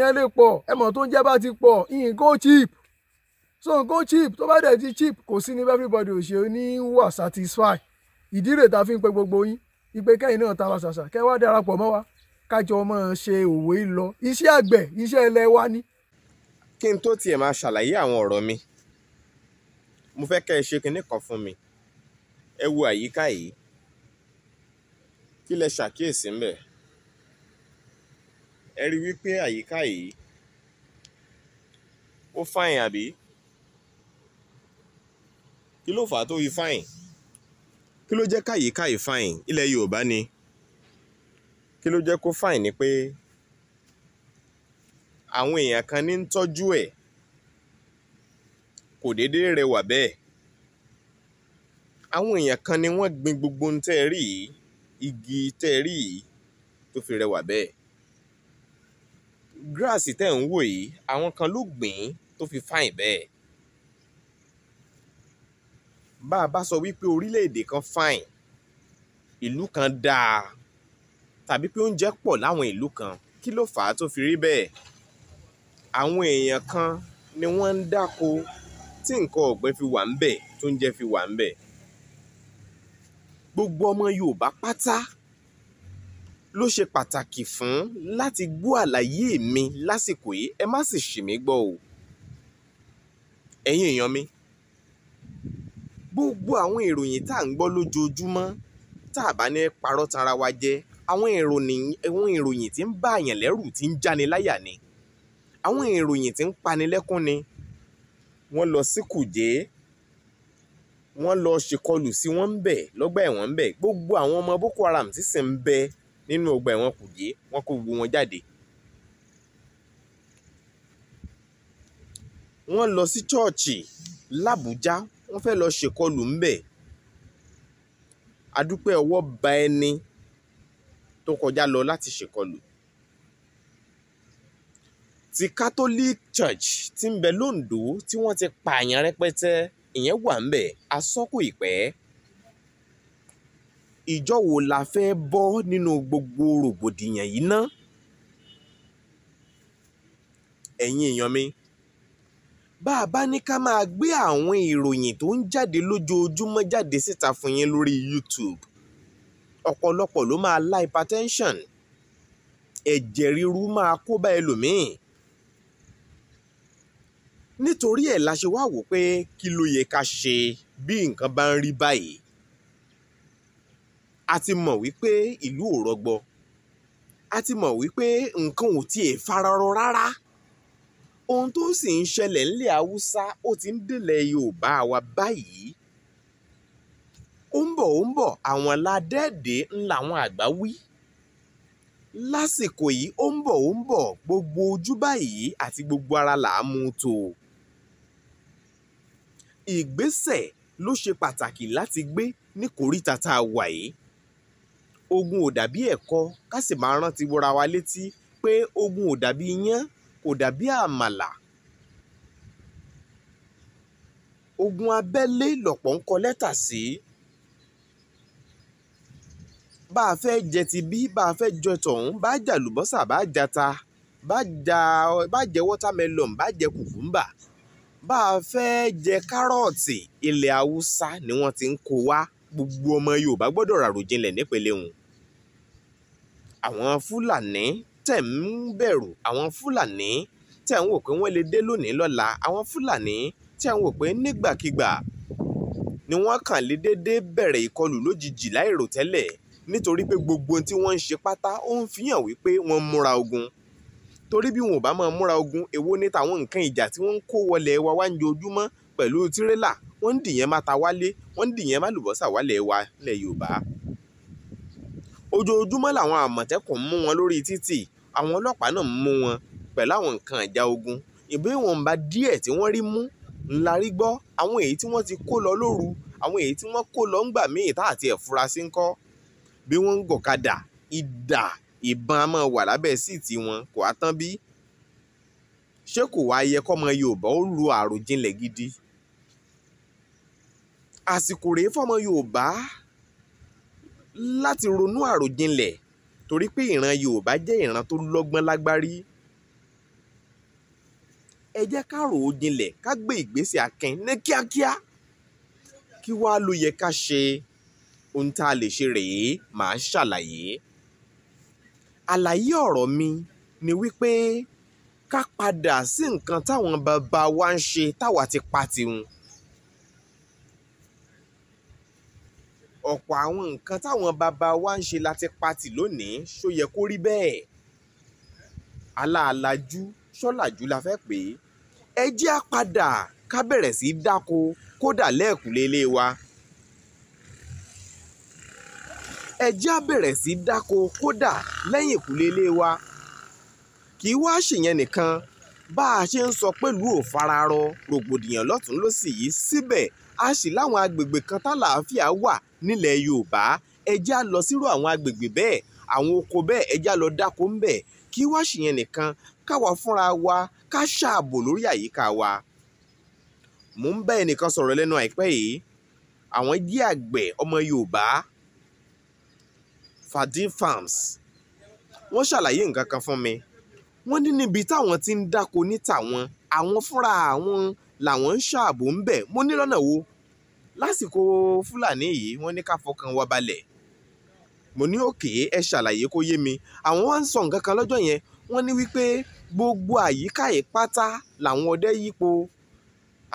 yẹn lè pọ̀ ẹmọ̀ tó ń jẹ́ bá ti pọ̀ nǹkan cheap so nǹkan cheap tó bá dẹ̀ ti cheap kò sí ní everybody ò ṣe ní wà satisfy ìdí rẹ̀ ta fi ń pe gbogbo yín ìpè kẹ́yìn náà ta làṣàṣà kẹ́ wá darapọ̀ mọ́ wa kájọ ọmọ ṣe òwe lọ iṣẹ́ àgbẹ̀ iṣẹ́ ilẹ̀ wa ni. kí n tó tiẹ̀ máa ṣàlàyé àwọn ọ̀rọ̀ mi mo fẹ́ kẹ́ ẹ ṣe kinní kan fún mi ẹ wo àyíká yìí kí lẹ ṣàkíyèsí ń ẹ rí wípé àyíká yìí ó fáìn àbí kí ló fà á tó fi fáìn kí ló jẹ́ káyíká yìí fáìn ilẹ̀ Yorùbá ni kí ló jẹ́ kó fáìn ni pé àwọn èèyàn kan ní ń tọ́jú ẹ̀ kò déédéé rẹwà bẹ́ẹ̀ àwọn èèyàn kan ni wọ́n gbin gbogbo ohun yìí igi tẹ́ yìí tó fi rẹwà bẹ́ẹ̀ grass tẹ̀ ń wò yìí àwọn kan ló gbìn ín tó fi fáìn bẹ́ẹ̀ bá a bá sọ wípé orílẹ̀-èdè kan fáìn ìlú kan dáa tàbí pé oúnjẹ pọ̀ láwọn ìlú kan kí ló fà á tó fi rí bẹ́ẹ̀ àwọn èèyàn kan ni wọ́n ń dáko tí nǹkan ọ̀gbìn fi wà ń bẹ̀ tó ń jẹ́ fi wà ń bẹ̀ gbogbo ọmọ Yorùbá pátá ló ṣe pàtàkì fún láti gbọ́ àlàyé mi lásìkò yìí ẹ má sì ṣì mí gbọ́ o ẹ̀yin èèyàn mi gbogbo àwọn ìròyìn tá à ń gbọ́ lójoojúmọ́ tá a bá ní parọ́ tara wa jẹ àwọn ìròyìn tí ń bá àyàn lẹ́rù tí ń jáni láyà ni àwọn ìròyìn tí ń pani lẹ́kún ni wọ́n lọ sí Kùjé wọ́n lọ ṣèkọlù sí wọ́n ń bẹ̀ lọ́gbà ẹ̀wọ̀n ń bẹ̀ gbogbo àwọn ọmọ Boko Haram sì sì ń bẹ nínú ọgbà ẹ̀wọ̀n kùjé wọ́n kó gbogbo wọn jáde. wọ́n lọ sí chọ́ọ̀chì làbújá wọ́n fẹ́ lọ ṣèkọlù ńbẹ̀ adúpẹ́ ọwọ́ ba ẹni tó kọjá lọ láti ṣèkọlù ti Catholic Church ti ń bẹ lóńdó tí wọ́n ti pààyàn rẹpẹtẹ ìyẹn wà ń bẹ̀ asọ́kò ìpẹ́ ìjọ wo la fẹ́ẹ́ bọ́ nínú gbogbo rògbòdìyàn yìí ná ẹ̀yin èèyàn mi bá a bá ní ká máa gbé àwọn ìròyìn tó ń jáde lójoojúmọ́ jáde síta fún yín lórí YouTube ọ̀pọ̀lọpọ̀ ló máa la hypertension ẹ̀jẹ̀ ríru máa kó bá ẹlòmíì nítorí ẹ̀ la ṣe wá wò pé kí ló yẹ ká ṣe bí nǹkan bá ń rí báyìí a ti mọ̀ wípé ìlú ò rọgbọ a ti mọ̀ wípé nǹkan ò tiẹ̀ fararọ rárá ohun tó sì ń ṣẹlẹ̀ ńlẹ̀ haúsá ó ti ń délẹ̀ yorùbá wa báyìí ó ń bọ̀ ó ń bọ̀ àwọn ládẹ́ẹ̀dẹ́ ń làwọn àgbà wí lásìkò yìí ó ń bọ̀ ó ń bọ̀ gbogbo ojú báyìí àti gbogbo ara là á mú tó ìgbésẹ̀ ló ṣe pàtàkì láti gbé ní kòríta tá a wà yìí ogun ò dàbí ẹ̀kọ́ ká sì máa rántí wúra wa létí pé ogun ò dàbí iyán kò dàbí àmàlà. ogun abẹ́lé lọ̀pọ̀ ń kọ lẹ́tà sí. bá a fẹ́ jẹ ti bí bá a fẹ́ jẹ tọ̀hún bá jà lùbọ́sà bá jata bá jà bá jẹ wọ́támẹ́lọ̀n bá jẹ kùkúmbà bá a fẹ́ jẹ kárọ̀ọ̀tì ilẹ̀ haúsá ni wọ́n ti ń kó wá gbogbo ọmọ yorùbá gbọ́dọ̀ ràròjinlẹ̀ nípele òun àwọn fúlàní tẹ̀ ń bẹ̀rù àwọn fúlàní tẹ̀ ń wò pé wọ́n lè dé lónìí lọ́la àwọn fúlàní tẹ̀ ń wò pé nígbàkigbà ni wọ́n kàn lè déédéé bẹ̀rẹ̀ ìkọlù lójijì láìròtẹ́lẹ̀ nítorí pé gbogbo ohun tí wọ́n ń ṣe pátá ó ń fihàn wípé wọ́n múra ogun torí bí wọn ò bá máa múra ogun èwo ní tàwọn nǹkan ìjà tí wọ́n ń kó wọlé wa wá ń jojúmọ́ pẹ̀lú tirẹ́là wọ́n ń dìyẹn máa ta wálé wọ́n ń dìyẹn máa lùbọ́sà wálé wa lẹ̀ Yorùbá ojoojúmọ́ làwọn àmọ̀tẹ́kùn mú wọn lórí títì àwọn ọlọ́pàá náà mú wọn pẹ̀lú àwọn nǹkan ìjà ogun ìbéwọ̀nba díẹ̀ tí wọ́n rí mú ńlá rí gbọ́ àwọn èyí tí wọ́n ti kó lọ lóru àwọn èyí tí wọ́n kó lọ ńgbà míì tá àti ẹ̀fúrasí ń kọ́ bí wọ́n ń gọ̀kadà ìdà ìbọn a máa wà lábẹ́ síìtì wọn kò á tán bí ṣé kò wá yẹ kọ́mọ Yorùbá ó lu àròjinlẹ̀ gidi àsìkò rèé fọ́mọ Yorùbá láti ronú àròjinlẹ̀ torí pé ìran Yorùbá jẹ́ ìran tó lọ́gbọ́n lágbárí ẹ jẹ́ ká rò ó jinlẹ̀ ká gbé ìgbésẹ̀ akin ní kíákíá kí wàá ló yẹ ká ṣe ohun tá a lè ṣe rèé màá ṣàlàyé àlàyé ọ̀rọ̀ mi ni wípé ká padà sí nǹkan táwọn bàbá wa ń ṣe táwa ti pa tiwọn ọ̀pọ̀ àwọn nǹkan táwọn bàbá wa ń ṣe láti pati lónìí ṣó yẹ kó rí bẹ́ẹ̀ aláàlájú ṣọ́làjú la fẹ́ pè é ẹ jẹ́ á padà ká bẹ̀rẹ̀ sí í dáko kódà lẹ́ẹ̀kúlé ilé wa ẹ jẹ́ á bẹ̀rẹ̀ sí í dáko kódà lẹ́yìn wa kì í wá ṣèyẹn nìkan bá a ṣe ń sọ pẹ̀lú òfararọ rògbòdìyàn lọ́tún lọ́sì yìí síbẹ̀ a sì láwọn agbègbè kan tálàáfíà wà nílẹ̀ yorùbá ẹ já lọ sírò àwọn agbègbè bẹ́ẹ̀ àwọn oko bẹ́ẹ̀ ẹ já lọ dáko ń bẹ̀ kí wá sì yẹn nìkan káwa fúnra wa ká ṣààbò lórí àyíká wa. mò ń bá ẹnìkan sọ̀rọ̀ lẹ́nu àìpẹ́ yìí àwọn jẹ́ àgbẹ̀ ọmọ yorùbá Fadil Farms wọ́n ṣàlàyé nǹkan kan fún mi wọ́n ní níbi táwọn ti ń dáko ní tàwọn àwọn fúnra àwọn làwọn ń ṣààbò ń bẹ̀ mo ní lọ́nà wo lásìkò fúlàní yìí wọ́n ní ká fọkàn wa balẹ̀ mo ní òkè ẹ ṣàlàyé kó yé mi àwọn wá ń sọ nǹkan kan lọ́jọ́ yẹn wọ́n ní wípé gbogbo àyíká yìí pátá làwọn ọdẹ yípo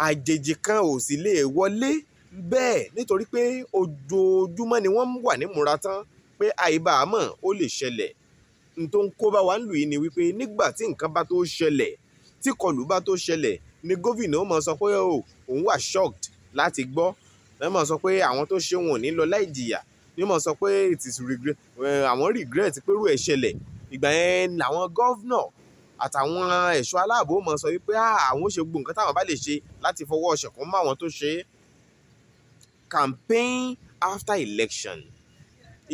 àjèjì kan ò sì lè wọlé bẹ́ẹ̀ nítorí pé ojoojúmọ́ ni wọ́n wà nímúra tán pé àìbá àmọ́ ó lè ṣẹlẹ̀ n tó ń kó bá wa ń lù yìí ni wípé nígbà tí nǹkan bá tó ṣẹlẹ̀ tí kọlù bá tó ṣẹlẹ̀ ni gómìnà ó mọ̀ sọ pé oh, òun wà shocked láti gbọ́ wọ́n mọ̀ sọ pé àwọn tó ṣe wọn ò ní lọ láì jìyà ni wọ́n mọ̀ sọ pé it is regret eh, àwọn regret pẹ̀lú ẹ̀ ṣẹlẹ̀ ìgbà yẹn làwọn gọ́vnọ̀ àtàwọn ẹ̀ṣọ́ aláàbò mọ̀ sọ wípé ah, àwọn ò ṣe gbogbo nǹkan táwọn bá lè ṣe láti fọwọ́ ṣẹ̀kún mọ́ àwọn tó ṣe é campaign after election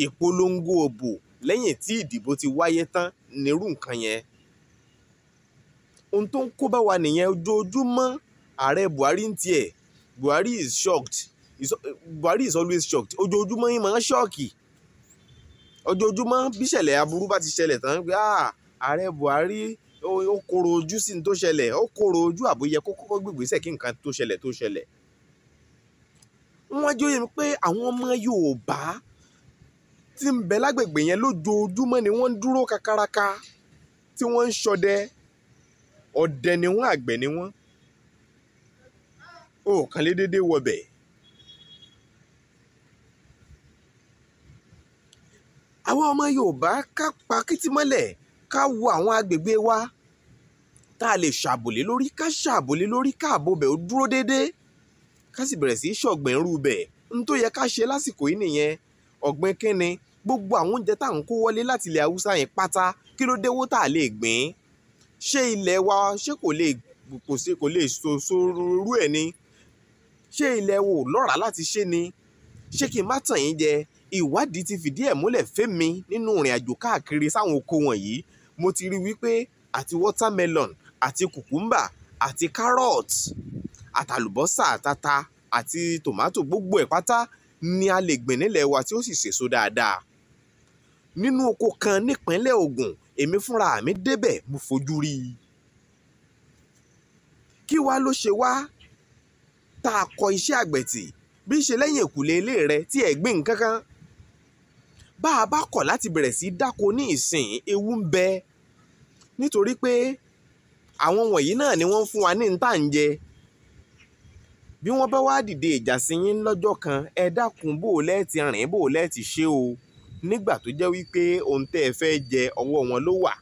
ìpolongo òbò lẹ́yìn tí ìdìbò ti wáyé tán nírú nǹkan yẹn ohun tó ń kó bá wa nìyẹn ojoojúmọ́ ààrẹ buhari ń tiẹ̀ buhari is shocked is, buhari is always shocked ojoojúmọ́ yín máa ń ṣọ́ọ̀kì ojoojúmọ́ bíṣẹ̀lẹ̀ aburú bá ti ṣẹlẹ̀ tán pé ah, ààrẹ buhari ó koro ojú sí ní tó ṣẹlẹ̀ ó koro ojú àbóyẹ kó kọ́kọ́ gbègbèsẹ̀ kí nǹkan tó ṣẹlẹ̀ tó ṣẹlẹ̀ wọ́n jóye mi pé àwọn ọmọ yorùbá tí ń bẹ lágbègbè yẹn lójoojúmọ́ ni wọ́n ń dúró kakaraka tí wọ́n ń ṣọdẹ ọdẹ ni wọ́n àgbẹ̀ ni wọ́n ó kàn lé dédé wọbẹ̀. àwa ọmọ Yorùbá ká pa kìtì mọ́lẹ̀ ká wo àwọn agbègbè wa tá a lè ṣàbòlé lórí ká ṣàbòlé lórí káàbò bẹ̀ ó dúró dédé ká sì bẹ̀rẹ̀ sí í ṣọ̀gbìn rú bẹ̀ n tó yẹ ká ṣe lásìkò yìí nìyẹn ọ̀gbìn kínni gbogbo àwọn oúnjẹ tá à ń kó wọlé láti ilẹ̀ haúsá yẹn pátá kí ló déwó tá a lè gbìn ín ṣé ilẹ̀ wa ṣé kò lè kò sí kò lè sòrúurú ẹ̀ ni ṣé ilẹ̀ wo lọ́ràá láti ṣe ni ṣé kí n má tàn yín jẹ ìwádìí ti fìdí ẹ̀ múlẹ̀ fẹ́mi nínú ìrìn àjò káàkiri sáwọn oko wọ̀nyí mo ti rí wípé àti watermelon àti kùkúmbà àti carrot àtàlùbọ́sà àtata àti tòmátò gbogbo ẹ̀ pátá ni a lè gbìn nílẹ̀ wa tí ó sì ṣèso dáadáa nínú oko kan nípínlẹ̀ Ògùn èmi fúnra mi débẹ̀ mo fojú rí i kí wá ló ṣe wá tá a kọ iṣẹ́ àgbẹ̀ tì bí ṣe lẹ́yìn èkùlé ilé rẹ tí ẹ̀ gbìn kankan bá a bá kọ̀ láti bẹ̀rẹ̀ sí dáko ní ìsìn ewu ń bẹ nítorí pé àwọn wọ̀nyí náà ni wọ́n ń fún wa ní ntà ń jẹ bí wọ́n bá wá dìde ìjà sí yín lọ́jọ́ kan ẹ dákun bò lẹ́ẹ̀tì rìn bò lẹ́ẹ̀tì ṣe o nígbà tó jẹ́ wípé ohun tẹ́ ẹ fẹ́ jẹ ọwọ́ wọn ló wà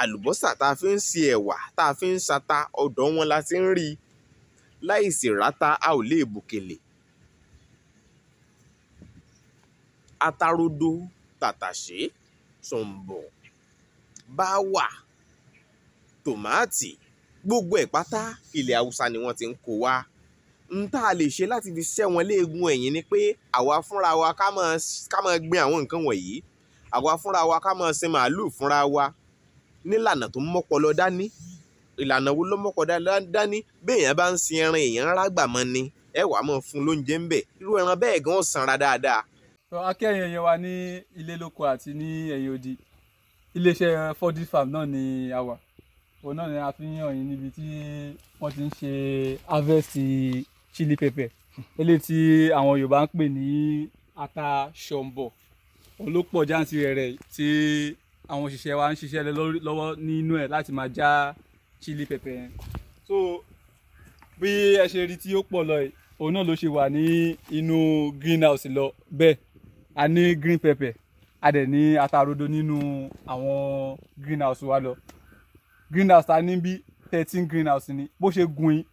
àlùbọ́sà tá a fi ń ṣe ẹ̀wà tá a fi ń ṣata ọ̀dọ̀ wọn la ti ń rí i láìsí rata a ò lè bùkèlè atarodo tàtàṣé ṣọ̀mbọ̀ báwà tòmáàtì gbogbo ẹ̀ pátá ilẹ̀ haúsá ni wọ́n ti ń kó wá n tá a lè ṣe láti fi ṣẹ́ wọn léegun ẹ̀yìn ni pé àwa fúnra wa ká máa gbin àwọn nǹkan wọ̀nyí àwa fúnra wa ká máa sin màálù fúnra wa nílànà tó mọ́pọlọ dání ìlànà wo ló mọ́pọlọ dání béèyàn bá ń sin ẹran èèyàn rágbà mọ́ ni ẹ wàá mọ̀ fún lóúnjẹ ń bẹ̀ irú ẹran bẹ́ẹ̀ gan sanra dáadáa. akẹ́yìn ẹ̀yẹ wa ní ilé lóko àti ní ẹ̀yìn odi iléeṣẹ́ fordy farm náà ni a wà òun náà ni a fi ń hàn yín níbi tí wọ́n ti ń ṣe harvest chili pepper eléyìí tí àwọn Yorùbá ń pè ní ata ṣọ̀mbọ̀ òun ló pọ̀ jáǹtì rẹ̀ tí àwọn òṣìṣẹ́ wa ń ṣiṣẹ́ lé lọ́wọ́ nínú ẹ̀ láti máa já chili pepper yẹn so bí ẹ ṣe rí tí ó pọ̀ lọ yìí òun náà ló ṣe wà ní inú greenhouse lọ bẹ́ẹ̀ a ní green pepper a dẹ̀ ní atarodo nínú àwọn greenhouse wa lọ greenhouse ta ní thirteen green house ni bó ṣe gùn yín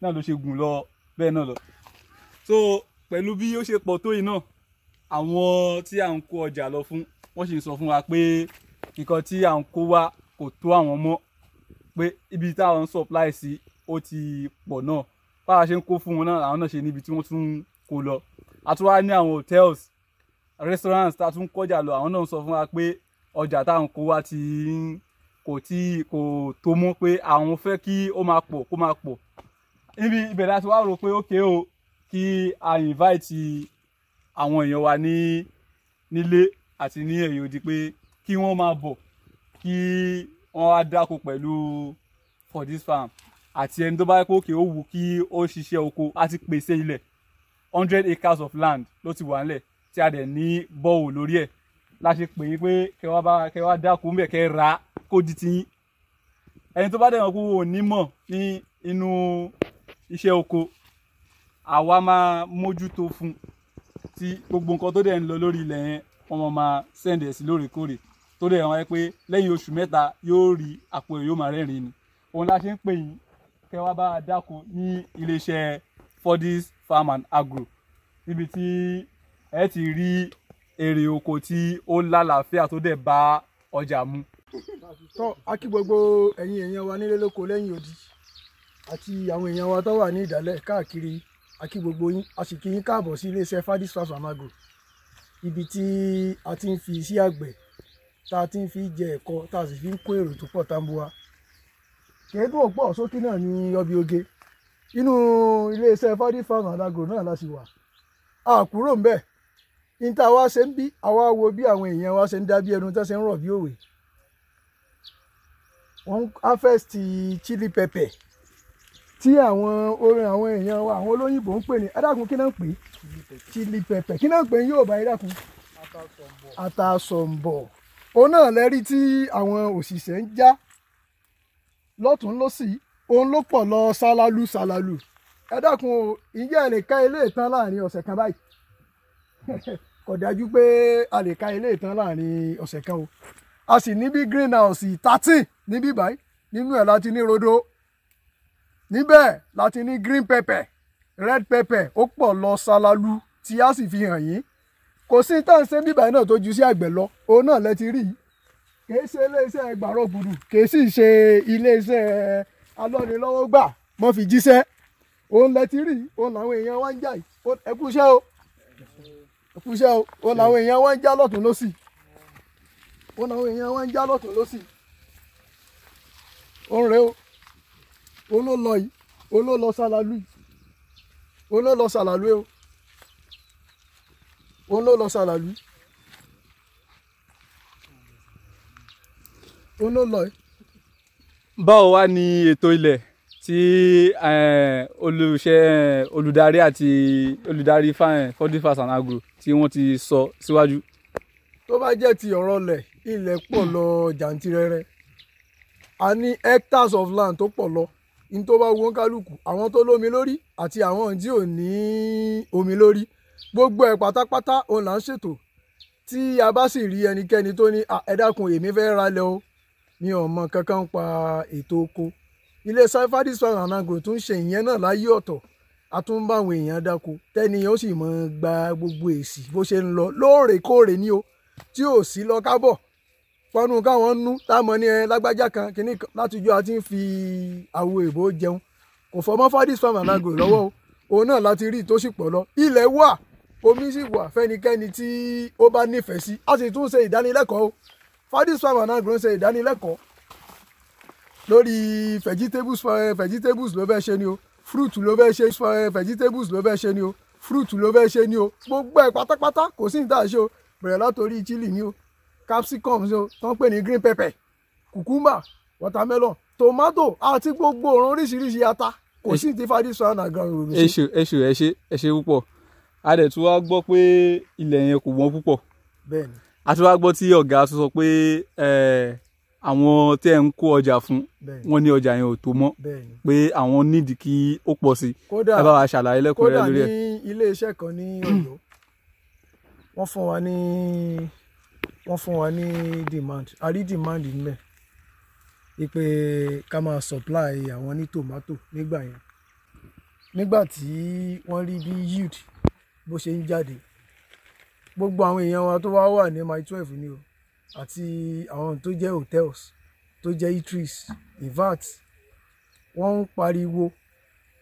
náà ló ṣe gùn lọ bẹ́ẹ̀ náà lọ so pẹ̀lú bí ó ṣe pọ̀ tó yìí náà àwọn tí à ń kó ọjà lọ fún wọ́n sì ń sọ fún wa pé nǹkan tí à ń kó wá kò tó àwọn mọ́ pé ibi táwọn ń supply sí ó ti pọ̀ náà báwa ṣe ń kó fún wọn náà làwọn náà ṣe níbi tí wọ́n tún ń kó lọ àtúwá ní àwọn hotels restaurants tá a tún kọjà lọ àwọn náà ń sọ fún wa pé ọjà táwọn kó wá ti ń kò tí kò tó mọ́ pé àwọn fẹ́ kí ó máa pọ̀ kó máa pọ̀ níbi ibẹ̀ láti wá rò pé ókè o kí a invite àwọn èèyàn wa ní nílé àti ní ẹ̀yìn odi pé kí wọ́n máa bọ̀ kí wọ́n á dáko pẹ̀lú for this farm àti ẹni tó bá pé òkè ó wù kí ó ṣiṣẹ́ oko á pèsè ilẹ̀ hundred acres of land ló ti wà nílẹ̀ tí a dẹ̀ ní bọ́ọ̀ lórí ẹ̀ la ṣe pè é pé kẹ wá bá kẹ wá dáko ńbẹ̀ kẹ rà kó di tiyín ẹni tó bá dẹ̀ mọ̀ pé òun ò ní inú iṣẹ́ oko àwa máa mójútó fún tí gbogbo nǹkan tó dẹ̀ ń lọ lórí ilẹ̀ yẹn wọ́n máa sẹ́ǹdẹ̀ sí lóòrèkóòrè tó dẹ̀ wọ́n pé lẹ́yìn oṣù mẹ́ta yóò rí àpò ẹ̀ yóò máa rẹ́rìn ni òun la ṣe ń pè yín kẹ́ wá bá a dáko ní iléeṣẹ́ Fordis Farm and Agro níbi tí ẹ ti rí èrè oko tí ó lálàáfíà tó dẹ̀ bá ọjà mu. tó a kí gbogbo ẹ̀yin èèyàn wa nílé lóko lẹ́yìn odi àti àwọn èèyàn wa tó wà ní ìdálẹ̀ káàkiri akí gbogbo yín a sì kí yín káàbọ̀ sí iléeṣẹ́ Fadis Farms and ibi tí a ti ń fi iṣẹ́ àgbẹ̀ tá a ti ń fi jẹ ẹ̀kọ́ tá a sì fi ń kó èrò tó pọ̀ tambuwa kèédú òpó sókè náà ní ọbẹ̀ oge inú iléeṣẹ́ Fadis Farms and Agro náà la sì wà a kúrò ń bẹ̀ ní tá a wá ṣe ń bí àwa wo bí àwọn èèyàn wa ṣe ń dá ẹnu tó ṣe ń rọ̀ bí òwe wọ́n harvest chili pẹpẹ. tí àwọn orin àwọn èèyàn wa àwọn olóyìnbó ń pè ní adákun kí náà ń pè chili pepper kí náà ń pè ní Yorùbá adákun àtàsọ̀m̀bọ̀ òun náà lẹ́rí tí àwọn òṣìṣẹ́ ń já lọ́tún lọ́sì òun ló pọ̀ lọ ṣálálú ṣálálú ẹ dákun o ìjẹ́ ẹ lè ká ilé ìtàn láàrin ọ̀sẹ̀ kan báyìí kò dájú pé a lè ká ilé ìtàn láàrin ọ̀sẹ̀ kan o a sì níbi greenhouse thirteen níbí báyìí nínú ẹ̀ láti ní rodo níbẹ̀ láti ní green pepper red pepper ó pọ̀ lọ ṣalalu tí a sì fi hàn yín kò sí tá à ń ṣe bíbà náà tó ju sí àgbẹ̀ lọ òun náà lẹ ti rí i kì í ṣe iléeṣẹ́ gbàrọ̀ gbùdù kì í sì ṣe iléeṣẹ́ alọ́nilọ́wọ́ gbà mọ́ fi jíṣẹ́ òun lẹ ti rí i òun làwọn èèyàn wá ń jà ẹkúṣẹ́ o ẹkúṣẹ́ o òun làwọn èèyàn wá ń já lọ́tún lọ́sì òun làwọn èèyàn wá ń já lọ́tún lọ́sì òun rèé o olólọ yìí olólọ sàlàlú yìí olólọ sàlàlú yìí olólọ sàlàlú yìí olólọ yìí. báwo wá ni ètò ilẹ̀ tí eh, olùṣẹ́ olùdarí àti olùdarí eh, Forty Farms and Agro tí wọ́n ti sọ síwájú. tó bá jẹ́ ti ọ̀rọ̀ lẹ̀ ilẹ̀ pọ̀ lọ jàǹtìrẹrẹ a ní hectares of land tó pọ̀ lọ ní tó bá wọ́n kálukú àwọn tó lómi lórí àti àwọn tí ò ní omi lórí gbogbo ẹ̀ pátápátá òun là ń ṣètò tí a bá sì rí ẹnikẹ́ni tó ní ẹ dákun èmi fẹ́ ralẹ̀ o mi ò mọ kankan pa ètò oko ilé Safaris Farm and Agro tún ṣe ìyẹn náà láyé ọ̀tọ̀ a tún bá àwọn èèyàn dáko tẹ́ni ó sì mọ̀ gba gbogbo èsì bó ṣe ń lọ lóòrèkóòrè ni o tí ò sí lọ kábọ̀ pọnú káwọn nú táwọn ní ẹ lágbájá kan kínní kan látijọ́ àti ń fi àwo èbó jẹun kò fọmọ́ fadis farm and agro lọ́wọ́ o òun náà láti rí tó sì pọ̀ lọ ilẹ̀ wà omi sì wà fẹ́nikẹ́ni tí ó bá nífẹ̀ẹ́ sí a sì tún ṣe ìdánilẹ́kọ̀ọ́ o fadis farm and agro ń ṣe ìdánilẹ́kọ̀ọ́ lórí vegetables eh, vegetables ló fẹ́ ṣe ni o fruit ló fẹ́ ṣe eh, vegetables ló fẹ́ ṣe ni o fruit ló fẹ́ ṣe ni o gbogbo ẹ̀ pátápátá kò sí ní tà ṣe o bẹ̀rẹ̀ látòrí chili ni o capsicum so tó ń pè green pepper cucumber watermelon tomato àti gbogbo òrùn oríṣiríṣi ata kò sí ti fadi sọ àná gan yorùbá. èṣù èṣù ẹ ṣe ẹ ṣe púpọ̀ a dẹ̀ tún wá gbọ́ pé ilẹ̀ yẹn kò wọ́n púpọ̀ a tún wá gbọ́ tí ọ̀gá tún sọ pé àwọn tẹ́ ń kó ọjà fún wọn ní ọjà yẹn ò tó mọ́ pé àwọn nídìí kí ó pọ̀ sí ẹ bá wa ṣàlàyé lẹ́kùnrẹ́rẹ́ lórí ẹ̀. kódà ní ilé iṣẹ́ kan ní Ọ̀yọ́ wọ́n fún wa ní. Ni wọ́n fún wa ní demand a rí demand nílẹ̀ wípé ká máa supply àwọn ní tomato nígbà yẹn nígbà tí wọ́n rí bí yield bó ṣe ń jáde gbogbo àwọn èèyàn wa tó wá wà ní mile twelve ni o àti àwọn tó jẹ́ hotels tó jẹ́ eateries invat wọ́n ń pariwo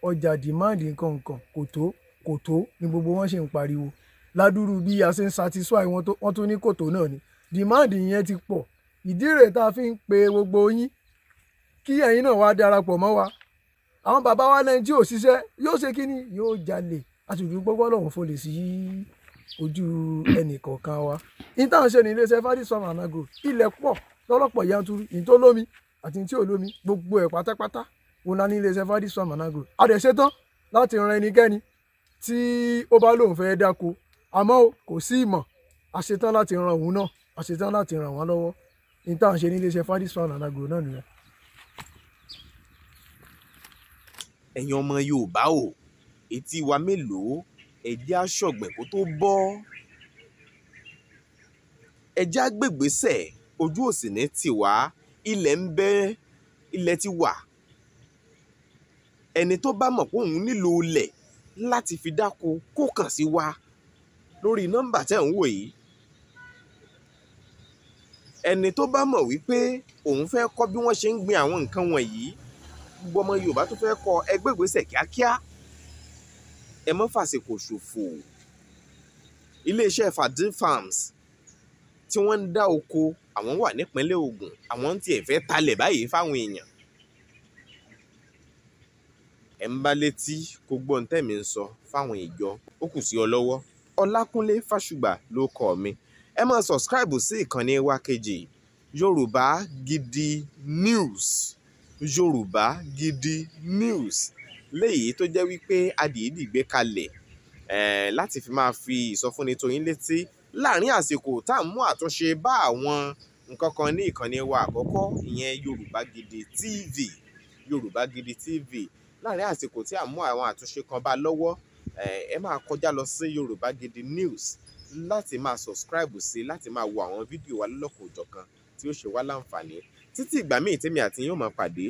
ọjà demand nǹkankan kò tó kò tó ni gbogbo wọn ṣe ń pariwo ládùúrú bí a ṣe ń satisfy wọn tó ní kò náà ni demand yẹn ti pọ̀ ìdí rèé tá a fi ń pe gbogbo yín kí ẹ̀yin náà wá darapọ̀ mọ́ wa àwọn bàbá wa náà tí ò ṣiṣẹ́ yóò ṣe kíni yóò jalè àtùdú gbogbo ọlọ́run fò sí ojú ẹnì kọ̀ọ̀kan wa intan ṣe ní iléeṣẹ́ Fadis farm and agro ilẹ̀ pọ̀ lọ́lọ́pọ̀ yanturu ìtòlómi àti tí ò lómi gbogbo ẹ̀ pátápátá òun la ní iléeṣẹ́ Fadis farm and agro a dẹ̀ ṣetán láti ran ẹnikẹ́ni tí ó bá lóun fẹ́ dáko àmọ́ kò sí ìmọ̀ a láti ran òun náà a ṣetán láti ràn wọ́n lọ́wọ́ ní tá à ń ṣe níléeṣẹ́ Fadis Farm and Agro náà nìyẹn. ẹ̀yin ọmọ Yorùbá o etí wa mélòó ẹ̀jẹ̀ aṣọ̀gbẹ̀ kó tó bọ́ ẹ̀jẹ̀ agbègbèsẹ̀ ojú òsì ní tiwa ilẹ̀ ń bẹ ilẹ̀ ti wà ẹni tó bá mọ̀ pé òun nílò ilẹ̀ láti fi dáko kó kàn sí wa lórí nọ́mbà tẹ̀ ń wò yìí ẹni tó bá mọ̀ wípé òun fẹ́ kọ́ bí wọ́n ṣe ń gbin àwọn nǹkan wọ̀nyí gbogbo ọmọ Yorùbá tó fẹ́ kọ́ ẹgbẹ́ ìgbésẹ̀ kíákíá ẹ mọ́ fàsìkò ṣòfò iléeṣẹ́ Fadil Farms tí wọ́n ń dá oko àwọn wà nípínlẹ̀ Ògùn àwọn ń tiẹ̀ fẹ́ talẹ̀ báyìí fáwọn èèyàn ẹ̀ ń bá létí kó gbọ́n tẹ̀mí ń sọ fáwọn ìjọ ó kù sí ọ lọ́wọ́ Ọlákúnlé Fásùgbà ló kọ́ mi ẹ máa sọ̀scribe sí ìkànnì wa kejì Yorùbá Gidi News Yorùbá Gidi News léyìí tó jẹ́ wípé adìyídì gbé kalẹ̀ eh, láti fi máa fi ìsọfúnni tó yín létí láàrin àsìkò tá à ń mú àtúnṣe bá àwọn nǹkan kan ní ìkànnì wa àkọ́kọ́ ìyẹn Yorùbá Gidi TV Yorùbá Gidi TV láàrin àsìkò tí à ń mú àwọn àtúnṣe kan bá lọ́wọ́ ẹ máa kọjá lọ sí Yorùbá Gidi News láti máa subscribe sí láti máa wo àwọn fídíò wa lọ́lọ́kùn òjọ̀kan tí ó ṣe wá láǹfààní títí ìgbà míì tèmi àti yóò máa pàdé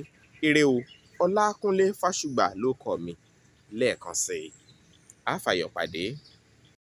eré o Ọlákúnlé Fásùgbà ló kọ mi lẹ́ẹ̀kan sí i àfàyọ̀pàdé